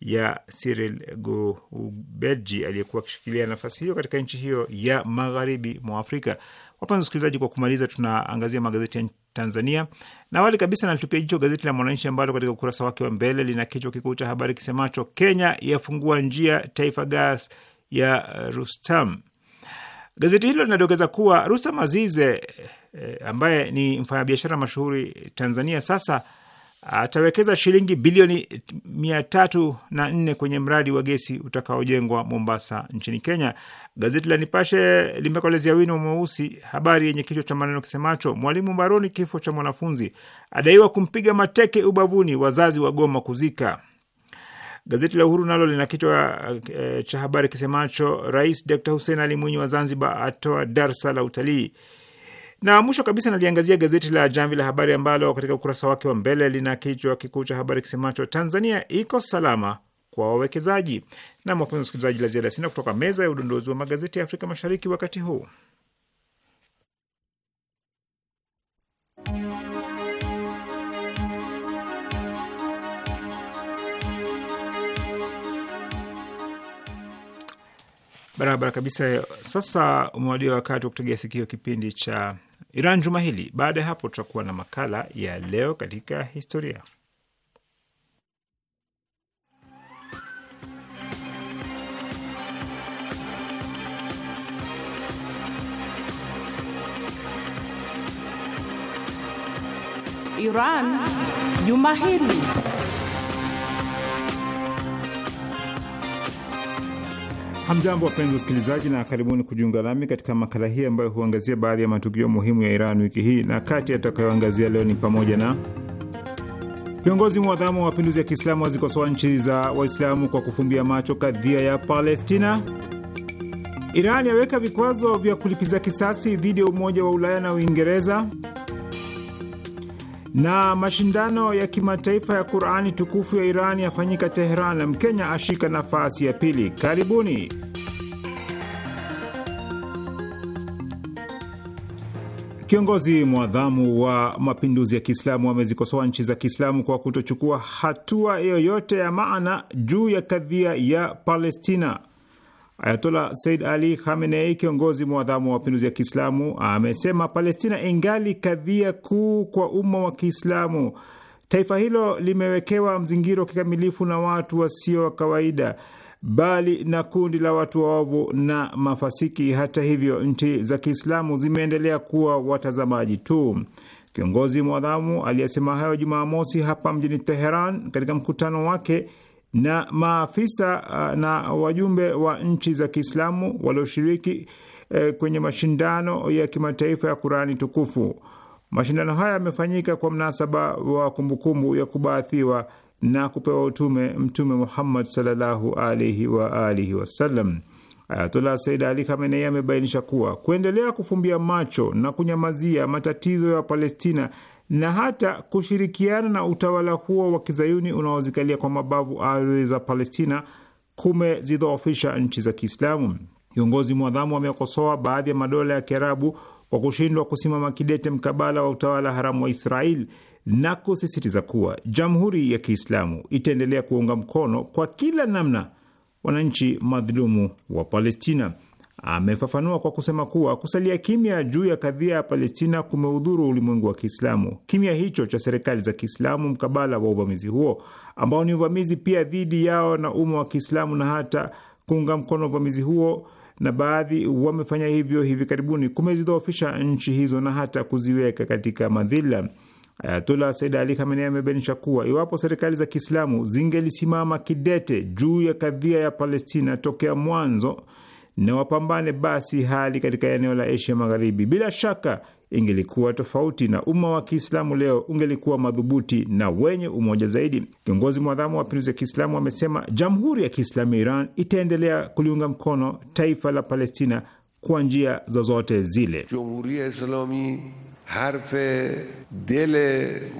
ya Cyril Goubedji aliyekuwa akishikilia nafasi hiyo katika nchi hiyo ya magharibi mwa Afrika. Wapenzi wasikilizaji, kwa kumaliza, tunaangazia magazeti ya Tanzania na awali kabisa nalitupia jicho gazeti la Mwananchi ambalo katika ukurasa wake wa mbele lina kichwa kikuu cha habari kisemacho Kenya yafungua njia Taifa Gas ya Rustam. Gazeti hilo linadokeza kuwa Rustam Azize eh, ambaye ni mfanyabiashara mashuhuri Tanzania sasa atawekeza shilingi bilioni mia tatu na nne kwenye mradi wa gesi utakaojengwa Mombasa nchini Kenya. Gazeti la Nipashe limekolezea wino mweusi habari yenye kichwa cha maneno kisemacho mwalimu mbaroni, kifo cha mwanafunzi adaiwa kumpiga mateke ubavuni, wazazi wagoma kuzika. Gazeti la Uhuru nalo lina kichwa e, cha habari kisemacho Rais Dr Hussein Ali Mwinyi wa Zanzibar atoa darsa la utalii. Na mwisho kabisa naliangazia gazeti la Jamvi la Habari ambalo katika ukurasa wake wa mbele lina kichwa kikuu cha habari kisemacho Tanzania iko salama kwa wawekezaji. Na mwapenzi wasikilizaji, la ziada sina kutoka meza ya udondozi wa magazeti ya Afrika Mashariki wakati huu. Barabara kabisa. Sasa umewadia wakati wa kutegea sikio kipindi cha Iran juma hili. Baada ya hapo, tutakuwa na makala ya leo katika historia. Iran juma hili. Hamjambo, wapenzi wasikilizaji, na karibuni kujiunga nami katika makala hii ambayo huangazia baadhi ya matukio muhimu ya Iran wiki hii, na kati yatakayoangazia leo ni pamoja na viongozi mwadhamu wa mapinduzi ya Kiislamu wazikosoa nchi za Waislamu kwa kufumbia macho kadhia ya Palestina, Iran yaweka vikwazo vya kulipiza kisasi dhidi ya Umoja wa Ulaya na Uingereza, na mashindano ya kimataifa ya Qurani tukufu ya Iran yafanyika Teheran na Mkenya ashika nafasi ya pili. Karibuni. Kiongozi mwadhamu wa mapinduzi ya Kiislamu amezikosoa nchi za Kiislamu kwa kutochukua hatua yoyote ya maana juu ya kadhia ya Palestina. Ayatola Said Ali Khamenei, kiongozi mwadhamu wa mapinduzi ya Kiislamu, amesema Palestina ingali kadhia kuu kwa umma wa Kiislamu. Taifa hilo limewekewa mzingiro kikamilifu na watu wasio wa kawaida, bali na kundi la watu waovu na mafasiki. Hata hivyo, nchi za Kiislamu zimeendelea kuwa watazamaji tu. Kiongozi mwadhamu aliyesema hayo Jumaa mosi hapa mjini Teheran katika mkutano wake na maafisa uh, na wajumbe wa nchi za Kiislamu walioshiriki uh, kwenye mashindano ya kimataifa ya Qurani tukufu. Mashindano haya yamefanyika kwa mnasaba wa kumbukumbu ya kubaathiwa na kupewa utume Mtume Muhammad sallallahu alaihi wa alihi wasallam. Ayatollah Said Ali Khamenei amebainisha kuwa kuendelea kufumbia macho na kunyamazia matatizo ya Palestina na hata kushirikiana na utawala huo wa kizayuni unaozikalia kwa mabavu ardhi za Palestina kumezidhoofisha nchi za Kiislamu. Viongozi mwadhamu wamekosoa baadhi ya madola ya Kiarabu kwa kushindwa kusimama kidete mkabala wa utawala haramu wa Israel na kusisitiza kuwa Jamhuri ya Kiislamu itaendelea kuunga mkono kwa kila namna wananchi madhulumu wa Palestina. Amefafanua kwa kusema kuwa kusalia kimya juu ya kadhia ya Palestina kumeudhuru ulimwengu wa Kiislamu. Kimya hicho cha serikali za Kiislamu mkabala wa uvamizi huo ambao ni uvamizi pia dhidi yao na umma wa Kiislamu na hata kuunga mkono uvamizi huo, na baadhi wamefanya hivyo hivi karibuni, kumezidhoofisha nchi hizo na hata kuziweka katika madhila. Ayatullah eh, Said Ali Khamenei amebainisha kuwa iwapo serikali za Kiislamu zingelisimama kidete juu ya kadhia ya Palestina tokea mwanzo na wapambane, basi hali katika eneo la Asia Magharibi bila shaka ingelikuwa tofauti na umma wa Kiislamu leo ungelikuwa madhubuti na wenye umoja zaidi. Kiongozi mwadhamu wa mapinduzi ya Kiislamu amesema Jamhuri ya Kiislamu ya Iran itaendelea kuliunga mkono taifa la Palestina kwa njia zozote zile. Jamhuri ya Islami حرف دل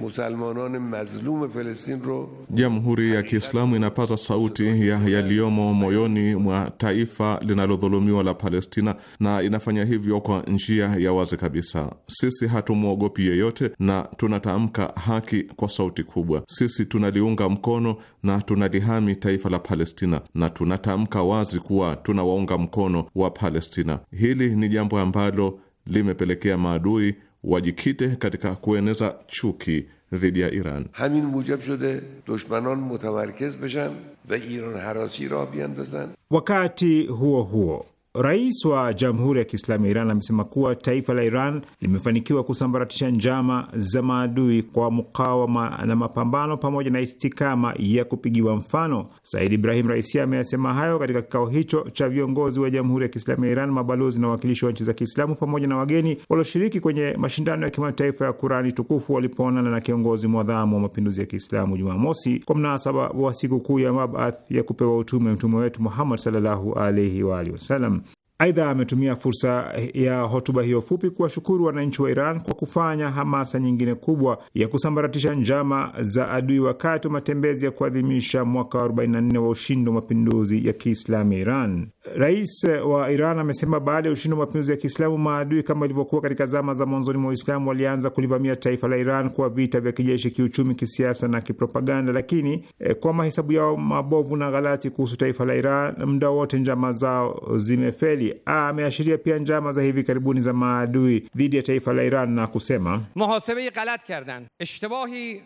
musalmanan mazlum Palestin ro. Jamhuri ya Kiislamu inapaza sauti ya yaliyomo moyoni mwa taifa linalodhulumiwa la Palestina na inafanya hivyo kwa njia ya wazi kabisa. Sisi hatumwogopi yeyote na tunatamka haki kwa sauti kubwa. Sisi tunaliunga mkono na tunalihami taifa la Palestina na tunatamka wazi kuwa tunawaunga mkono wa Palestina. Hili ni jambo ambalo limepelekea maadui wajikite katika kueneza chuki dhidi ya Iran. hamin mujab shode dushmanon mutamarkez beshan va iran harasi ra biandazan. Wakati huo huo Rais wa Jamhuri ya Kiislamu ya Iran amesema kuwa taifa la Iran limefanikiwa kusambaratisha njama za maadui kwa mukawama na mapambano pamoja na istikama ya kupigiwa mfano. Said Ibrahim Raisi ameyasema hayo katika kikao hicho cha viongozi wa Jamhuri ya Kiislamu ya Iran, mabalozi na wawakilishi wa nchi za Kiislamu pamoja na wageni walioshiriki kwenye mashindano ya kimataifa ya Kurani tukufu walipoonana na kiongozi mwadhamu wa mapinduzi ya Kiislamu Jumamosi kwa mnasaba wa sikukuu ya mabath ya kupewa utume mtume wetu Muhammad sallallahu alaihi wa alihi wasallam. Aidha, ametumia fursa ya hotuba hiyo fupi kuwashukuru wananchi wa Iran kwa kufanya hamasa nyingine kubwa ya kusambaratisha njama za adui wakati wa matembezi ya kuadhimisha mwaka wa 44 wa ushindi wa mapinduzi ya Kiislamu ya Iran. Rais wa Iran amesema baada ya ushindi wa mapinduzi ya Kiislamu, maadui kama ilivyokuwa katika zama za mwanzoni mwa Uislamu walianza kulivamia taifa la Iran kwa vita vya kijeshi, kiuchumi, kisiasa na kipropaganda, lakini eh, kwa mahesabu yao mabovu na ghalati kuhusu taifa la Iran, muda wote njama zao zimefeli ameashiria pia njama za hivi karibuni za maadui dhidi ya taifa la Iran na kusema muhasebe galat kardan ishtibahi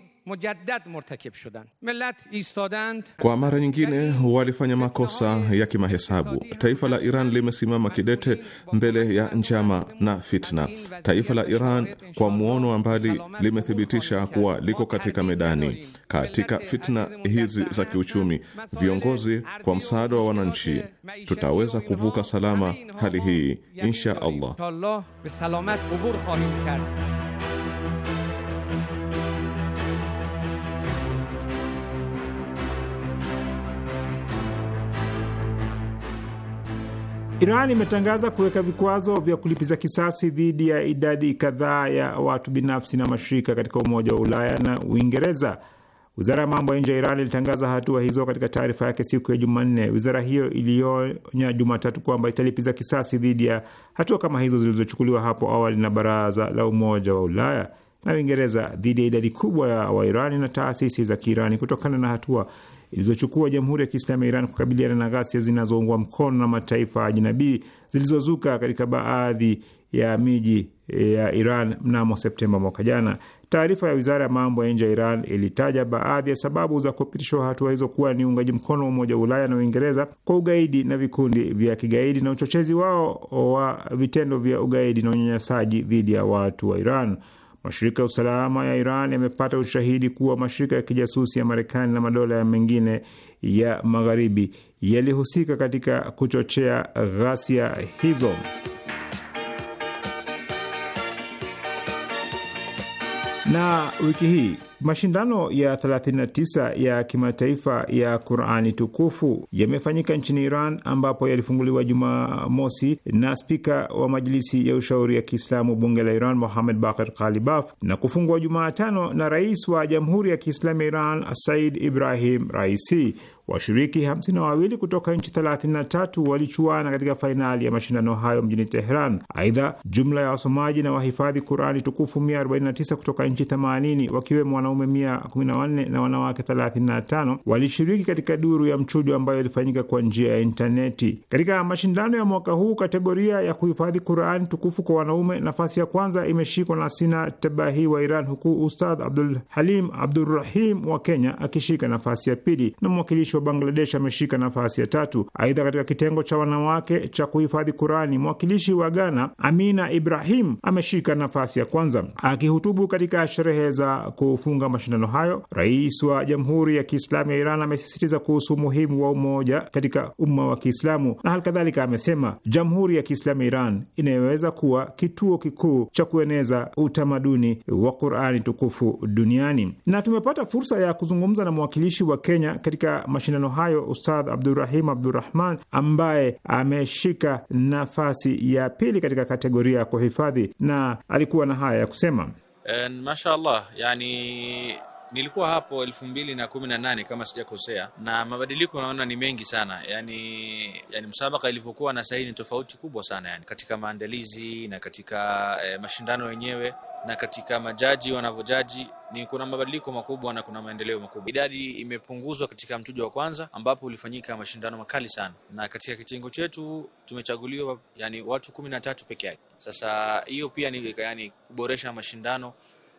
kwa mara nyingine walifanya makosa ya kimahesabu. Taifa la Iran limesimama kidete mbele ya njama na fitna. Taifa la Iran kwa muono wa mbali limethibitisha kuwa liko katika medani. Katika fitna hizi za kiuchumi, viongozi kwa msaada wa wananchi, tutaweza kuvuka salama hali hii insha Allah. Iran imetangaza kuweka vikwazo vya kulipiza kisasi dhidi ya idadi kadhaa ya watu binafsi na mashirika katika Umoja wa Ulaya na Uingereza. Wizara ya mambo ya nje ya Iran ilitangaza hatua hizo katika taarifa yake siku ya Jumanne. Wizara hiyo ilionya Jumatatu kwamba italipiza kisasi dhidi ya hatua kama hizo zilizochukuliwa hapo awali na Baraza la Umoja wa Ulaya na Uingereza dhidi ya idadi kubwa ya Wairani na taasisi za Kiirani kutokana na hatua ilizochukua Jamhuri ya Kiislamu ya Iran kukabiliana na ghasia zinazoungwa mkono na mataifa jinabii zilizozuka katika baadhi ya miji e, ya Iran mnamo Septemba mwaka jana. Taarifa ya wizara ya mambo ya nje ya Iran ilitaja baadhi ya sababu za kupitishwa hatua hizo kuwa ni uungaji mkono wa Umoja wa Ulaya na Uingereza kwa ugaidi na vikundi vya kigaidi na uchochezi wao wa vitendo vya ugaidi na unyanyasaji dhidi ya watu wa Iran. Mashirika ya usalama ya Iran yamepata ushahidi kuwa mashirika ya kijasusi ya Marekani na madola mengine ya magharibi yalihusika katika kuchochea ghasia hizo. Na wiki hii Mashindano ya 39 ya kimataifa ya Qurani tukufu yamefanyika nchini Iran ambapo yalifunguliwa Jumamosi na spika wa Majlisi ya Ushauri ya Kiislamu bunge la Iran Mohamed Bakir Kalibaf na kufungwa Jumatano na rais wa Jamhuri ya Kiislamu ya Iran Said Ibrahim Raisi. Washiriki hamsini na wawili kutoka nchi 33 walichuana katika fainali ya mashindano hayo mjini Teheran. Aidha, jumla ya wasomaji na wahifadhi Qurani tukufu 149 kutoka nchi 80 wakiwemo wanaume mia kumi na wanne na wanawake thelathini na tano walishiriki katika duru ya mchujo ambayo ilifanyika kwa njia ya intaneti. Katika mashindano ya mwaka huu, kategoria ya kuhifadhi Qurani tukufu kwa wanaume, nafasi ya kwanza imeshikwa na Sina Tabahi wa Iran, huku Ustadh Abdul Halim Abdurrahim wa Kenya akishika nafasi ya pili na mwakilishi wa Bangladesh ameshika nafasi ya tatu. Aidha, katika kitengo cha wanawake cha kuhifadhi Qurani, mwakilishi wa Ghana Amina Ibrahim ameshika nafasi ya kwanza. Akihutubu katika sherehe za kufunga kufunga mashindano hayo, rais wa Jamhuri ya Kiislamu ya Iran amesisitiza kuhusu umuhimu wa umoja katika umma wa Kiislamu na hali kadhalika amesema Jamhuri ya Kiislamu ya Iran inayoweza kuwa kituo kikuu cha kueneza utamaduni wa Qurani tukufu duniani. Na tumepata fursa ya kuzungumza na mwakilishi wa Kenya katika mashindano hayo, Ustadh Abdurahim Abdurahman ambaye ameshika nafasi ya pili katika kategoria ya kuhifadhi na alikuwa na haya ya kusema. Eh, mashallah, yani nilikuwa hapo elfu mbili na kumi na nane kama sijakosea, na mabadiliko naona ni mengi sana yani, yani msabaka ilivyokuwa na sahii ni tofauti kubwa sana yani, katika maandalizi na katika e, mashindano yenyewe na katika majaji wanavyojaji ni kuna mabadiliko makubwa na kuna maendeleo makubwa. Idadi imepunguzwa katika mchujo wa kwanza ambapo ulifanyika mashindano makali sana, na katika kitengo chetu tumechaguliwa yani watu kumi na tatu peke yake. Sasa hiyo pia ni yani kuboresha mashindano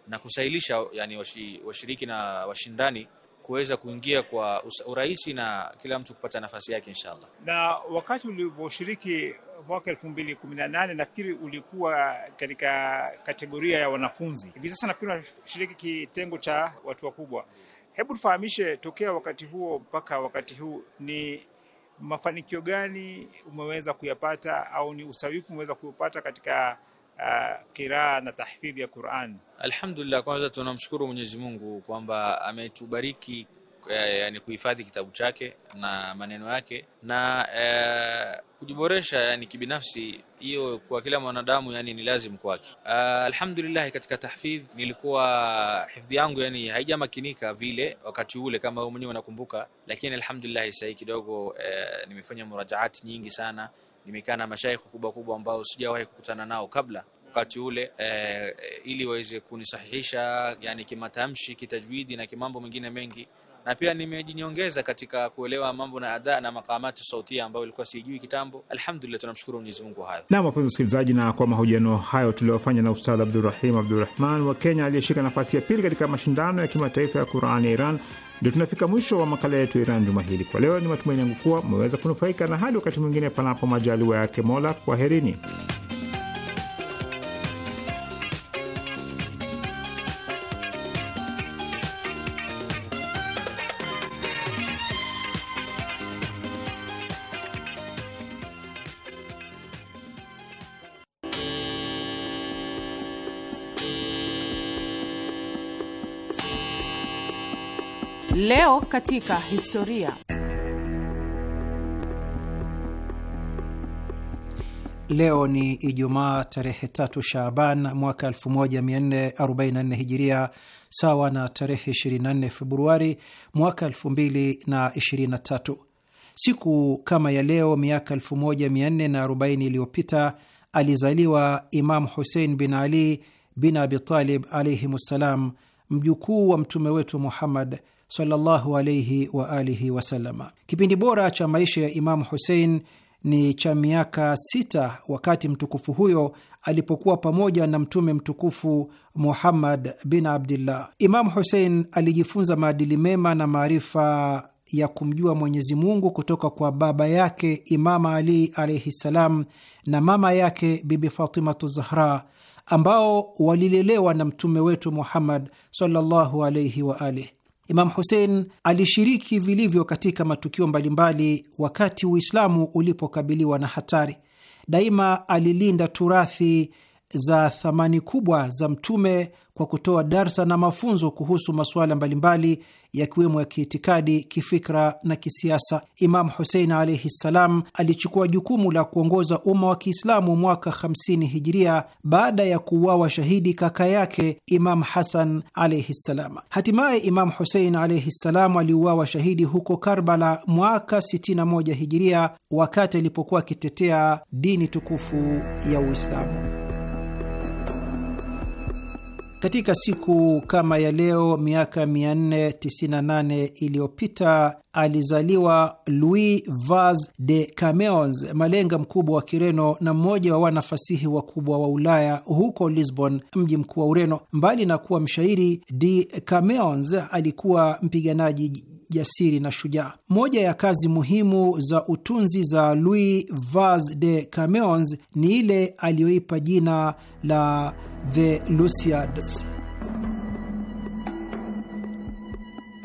na kusahilisha yani washi, washiriki na washindani kuweza kuingia kwa urahisi na kila mtu kupata nafasi yake inshallah. Na wakati ulivyoshiriki mwaka elfu mbili kumi na nane nafikiri ulikuwa katika kategoria ya wanafunzi. Hivi sasa nafikiri unashiriki kitengo cha watu wakubwa. Hebu tufahamishe, tokea wakati huo mpaka wakati huu ni mafanikio gani umeweza kuyapata au ni usawiku umeweza kuupata katika uh, kiraa na tahfidhi ya Qur'an? Alhamdulillah, kwanza tunamshukuru Mwenyezi Mungu kwamba ametubariki eh, yani kuhifadhi kitabu chake na maneno yake na eh, kujiboresha yani kibinafsi, hiyo kwa kila mwanadamu yani ni lazim kwake. Uh, alhamdulillah katika tahfidh nilikuwa hifadhi yangu yani haijamakinika vile wakati ule, kama wewe mwenyewe unakumbuka, lakini alhamdulillah sasa kidogo eh, nimefanya murajaati nyingi sana, nimekaa na mashaikh kubwa kubwa ambao sijawahi kukutana nao kabla wakati ule eh, ili waweze kunisahihisha yani kimatamshi, kitajwidi na kimambo mengine mengi na pia nimejinyongeza katika kuelewa mambo na adha na makamati sautia ambayo ilikuwa sijui kitambo. Alhamdulillah, tunamshukuru Mwenyezi Mungu. Hayo na wapenzi msikilizaji, na kwa mahojiano hayo tuliofanya na Ustadh Abdurahim Abdurahman wa Kenya aliyeshika nafasi ya pili katika mashindano ya kimataifa ya Qurani ya Iran, ndio tunafika mwisho wa makala yetu ya Iran juma hili. Kwa leo, ni matumaini yangu kuwa mmeweza kunufaika, na hadi wakati mwingine, panapo majaliwa yake Mola, kwaherini. Leo katika historia. Leo ni Ijumaa tarehe tatu Shaaban mwaka 1444 Hijiria, sawa na tarehe 24 Februari mwaka 2023. Siku kama ya leo miaka 1440 iliyopita alizaliwa Imam Husein bin Ali bin Abi Talib alaihim ssalam, mjukuu wa mtume wetu Muhammad sallallahu wa alihi Kipindi bora cha maisha ya Imamu Husein ni cha miaka sita wakati mtukufu huyo alipokuwa pamoja na mtume mtukufu Muhammad bin Abdillah. Imamu Husein alijifunza maadili mema na maarifa ya kumjua Mwenyezi Mungu kutoka kwa baba yake Imama Ali alaihi ssalam na mama yake Bibi Fatimatu Zahra ambao walilelewa na mtume wetu Muhammad sallallahu alaihi wa alihi Imam Husein alishiriki vilivyo katika matukio mbalimbali wakati Uislamu ulipokabiliwa na hatari. Daima alilinda turathi za thamani kubwa za Mtume kwa kutoa darsa na mafunzo kuhusu masuala mbalimbali yakiwemo ya kiitikadi, kifikra na kisiasa. Imamu Husein alaihi ssalam alichukua jukumu la kuongoza umma wa Kiislamu mwaka 50 hijiria baada ya kuuawa shahidi kaka yake Imamu Hasan alaihi ssalam. Hatimaye Imamu Husein alaihi ssalam aliuawa shahidi huko Karbala mwaka 61 hijiria wakati alipokuwa akitetea dini tukufu ya Uislamu. Katika siku kama ya leo miaka 498 iliyopita alizaliwa Louis Vaz de cameons malenga mkubwa wa Kireno na mmoja wa wanafasihi wakubwa wa Ulaya, huko Lisbon, mji mkuu wa Ureno. Mbali na kuwa mshairi, de cameons alikuwa mpiganaji jasiri na shujaa. Moja ya kazi muhimu za utunzi za Louis Vaz de Camoens ni ile aliyoipa jina la The Lusiads.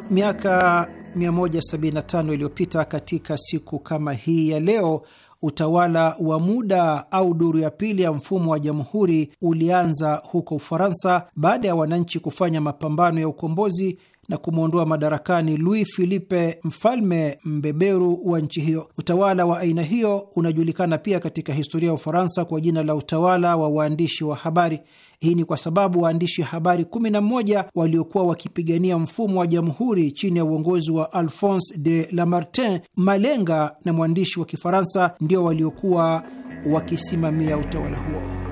Miaka 175 iliyopita katika siku kama hii ya leo, utawala wa muda au duru ya pili ya mfumo wa jamhuri ulianza huko Ufaransa baada ya wananchi kufanya mapambano ya ukombozi na kumwondoa madarakani Louis Philippe, mfalme mbeberu wa nchi hiyo. Utawala wa aina hiyo unajulikana pia katika historia ya Ufaransa kwa jina la utawala wa waandishi wa habari. Hii ni kwa sababu waandishi habari 11 waliokuwa wakipigania mfumo wa jamhuri chini ya uongozi wa Alphonse de Lamartine, malenga na mwandishi wa Kifaransa, ndio waliokuwa wakisimamia utawala huo.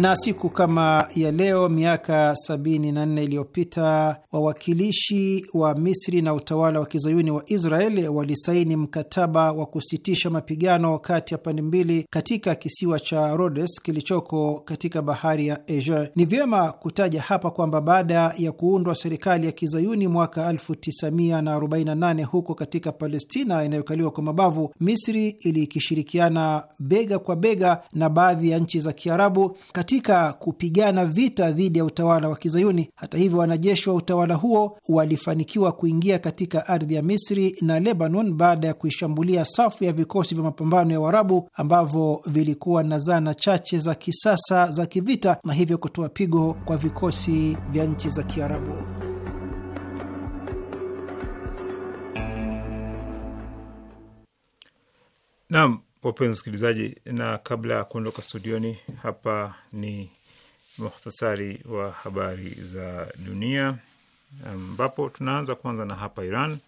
Na siku kama ya leo miaka 74 iliyopita wawakilishi wa Misri na utawala wa kizayuni wa israel walisaini mkataba wa kusitisha mapigano kati ya pande mbili katika kisiwa cha Rhodes kilichoko katika bahari ya Aegean. Ni vyema kutaja hapa kwamba baada ya kuundwa serikali ya kizayuni mwaka 1948 huko katika Palestina inayokaliwa kwa mabavu, Misri ilikishirikiana bega kwa bega na baadhi ya nchi za Kiarabu katika kupigana vita dhidi ya utawala wa Kizayuni. Hata hivyo, wanajeshi wa utawala huo walifanikiwa kuingia katika ardhi ya Misri na Lebanon baada ya kuishambulia safu ya vikosi vya mapambano ya Waarabu ambavyo vilikuwa na zana chache za kisasa za kivita na hivyo kutoa pigo kwa vikosi vya nchi za Kiarabu. Naam wapenzi msikilizaji, na kabla ya kuondoka studioni hapa ni muhtasari wa habari za dunia ambapo tunaanza kwanza na hapa Iran.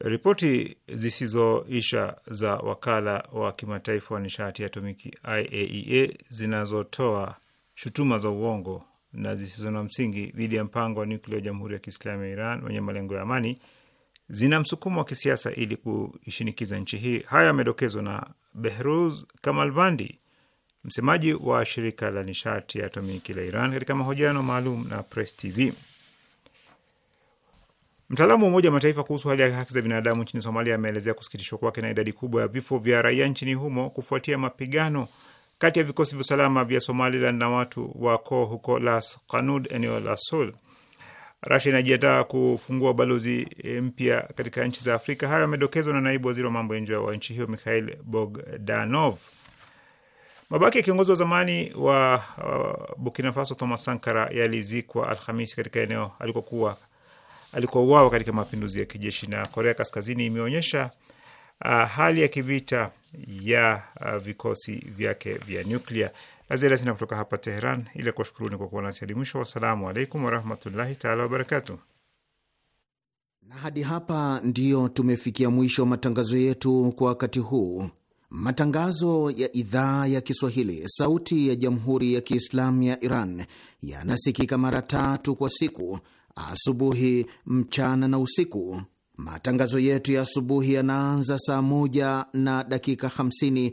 Ripoti zisizoisha za wakala wa kimataifa wa nishati ya atomiki IAEA e zinazotoa shutuma za uongo na zisizo na msingi dhidi ya mpango wa nyuklia wa Jamhuri ya Kiislamu ya Iran wenye malengo ya amani zina msukumo wa kisiasa ili kuishinikiza nchi hii. Haya yamedokezwa na Behruz Kamalvandi, msemaji wa shirika la nishati ya atomiki la Iran, katika mahojiano maalum na Press TV. Mtaalamu wa Umoja wa Mataifa kuhusu hali ya haki za binadamu nchini Somalia ameelezea kusikitishwa kwake na idadi kubwa ya vifo vya raia nchini humo kufuatia mapigano kati ya vikosi vya usalama vya Somaliland na watu wa koo huko Las Kanud, eneo la Sul. Rasia inajiandaa kufungua balozi e, mpya katika nchi za Afrika. Hayo yamedokezwa na naibu waziri wa mambo ya nje wa nchi hiyo Mikhail Bogdanov. Mabaki ya kiongozi wa zamani wa uh, Burkina Faso Thomas Sankara yalizikwa Alhamisi katika eneo alikokuwa alikouawa katika mapinduzi ya kijeshi. Na Korea Kaskazini imeonyesha uh, hali ya kivita ya uh, vikosi vyake vya nyuklia la ziada sina kutoka hapa Teheran ili kuwashukuruni kwa kuwa nasi hadi mwisho. Wassalamu alaikum warahmatullahi taala wabarakatu. Na hadi hapa ndiyo tumefikia mwisho wa matangazo yetu kwa wakati huu. Matangazo ya idhaa ya Kiswahili sauti ya jamhuri ya Kiislamu ya Iran yanasikika mara tatu kwa siku: asubuhi, mchana na usiku. Matangazo yetu ya asubuhi yanaanza saa moja na dakika 50